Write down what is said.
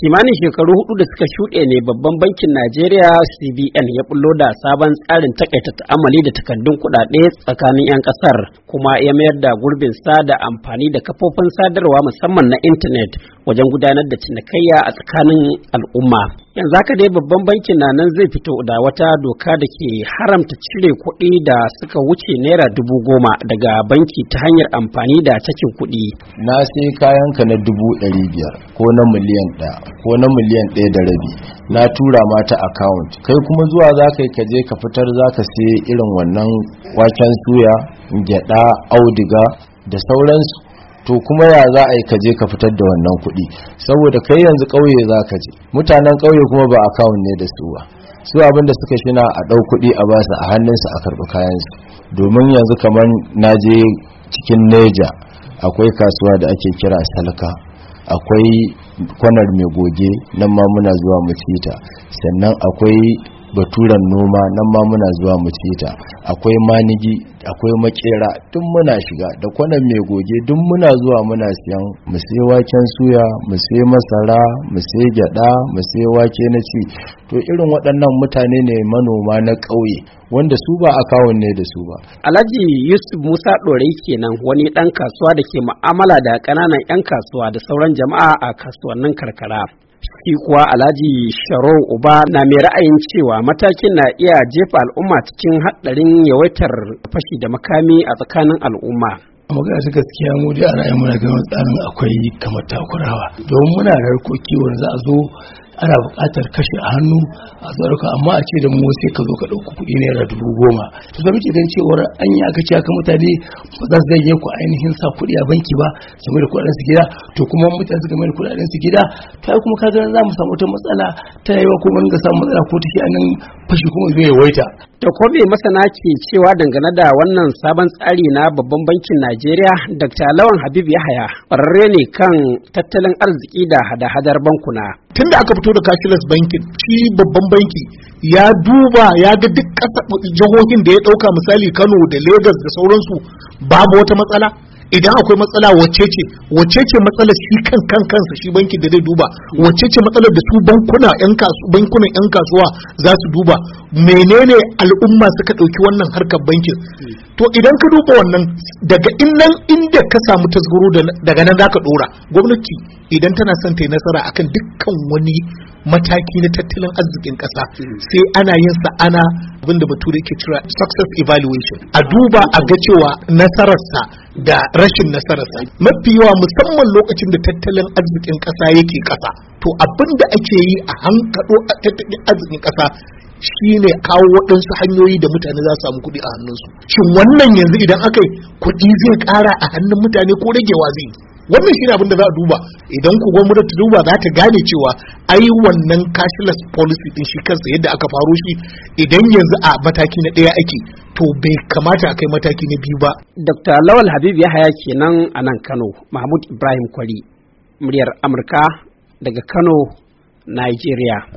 kimanin shekaru hudu da suka shuɗe ne babban bankin najeriya cbn ya bullo da sabon tsarin takaita ta'amali da takardun kuɗaɗe tsakanin 'yan ƙasar kuma ya mayar da gurbin sa da amfani da kafofin sadarwa musamman na intanet wajen gudanar da cinikayya a tsakanin al'umma yanzu haka dai babban bankin na nan zai fito da wata doka da ke haramta cire kuɗi da suka wuce naira dubu goma daga banki ta hanyar amfani da cakin kuɗi na sai ka na dubu ɗari biyar ko na miliyan ɗaya ko na miliyan ɗaya da rabi na tura ma ta account kai kuma zuwa za ka yi ka je ka fitar za ka sai irin wannan waken suya gyaɗa auduga, da sauransu to kuma ya za a yi kaje ka fitar da wannan kuɗi saboda kai yanzu ƙauye za ka je mutanen ƙauye kuma ba akawun ne da su ba su abinda suka shina a ɗau kuɗi a basu a hannunsu a karɓi kayansu domin yanzu kamar na je cikin neja akwai kasuwa da ake kira salka akwai kwanar mai goge nan ma muna zuwa mu sannan akwai baturan noma nan ma muna zuwa mu ce akwai manigi akwai makera tun muna shiga da kwanan mai goge duk muna zuwa muna siyan mu sai waken suya mu sai masara mu sai gyada mu sai wake na ci to irin waɗannan mutane ne manoma na ƙauye wanda su ba akawun ne da su ba Alhaji Yusuf Musa Dorai kenan wani ɗan kasuwa da ke mu'amala da ƙananan 'yan kasuwa da sauran jama'a a kasuwannin karkara shi kuwa alhaji sharo uba na mai ra'ayin cewa matakin na iya jefa al'umma cikin haɗarin yawaitar fashi da makami a tsakanin al'umma magana ta gaskiya mu dai a yin muna ganin tsarin akwai kamar takurawa domin muna da kiwon wanda za a zo ana buƙatar kashe a hannu a tsaruka amma a ce da mu sai ka zo ka ɗauki kuɗi naira dubu goma to da muke gan cewar an yi aka ce mutane ba za su zanye ku ainihin sa kuɗi a banki ba su da kuɗaɗen su gida to kuma mutane su mai da kuɗaɗen su gida ta kuma ka za mu samu wata matsala ta yi wa kuma ga samu matsala ko take a nan fashi kuma zai yawaita. da kome masana ke cewa dangane da wannan sabon tsari na babban bankin najeriya dr lawan habib yahaya ƙwararre ne kan tattalin arziki da hada-hadar bankuna tun da aka fito da cashless bankin, shi babban banki ya duba ya ga duk jihohin da ya ɗauka, misali kano da lagos da sauransu babu wata matsala idan akwai matsala wacce ce wacce ce matsalar shi kan kan kansa shi banki da zai duba wacce ce matsalar da su bankuna yan kasuwa bankunan yan kasuwa za su duba menene al'umma suka ɗauki wannan harkar bankin hmm. to idan ka duba wannan daga innan inda ka samu tasgaro daga nan zaka dora gwamnati idan tana son ta yi nasara akan dukkan wani mataki na tattalin arzikin kasa hmm. sai ana yin sa ana abinda bature ke cira success evaluation a duba a ga cewa nasararsa da rashin nasararsa mafi yawa musamman lokacin da tattalin arzikin kasa yake ƙasa to abin da ake yi a a tattalin arzikin ƙasa shine kawo waɗansu hanyoyi da mutane za su samu kuɗi a hannunsu shin wannan yanzu idan aka yi kuɗi zai ƙara a hannun mutane ko ragewa zai yi wannan shine abin da za a duba idan ku gwamnati ta duba za ta gane cewa ai wannan cashless policy din shi kansa yadda aka faro shi idan yanzu a mataki na ɗaya ake to bai kamata a kai mataki na biyu ba dr lawal habib yahaya kenan a nan kano mahmud ibrahim kwari muryar amurka daga kano nigeria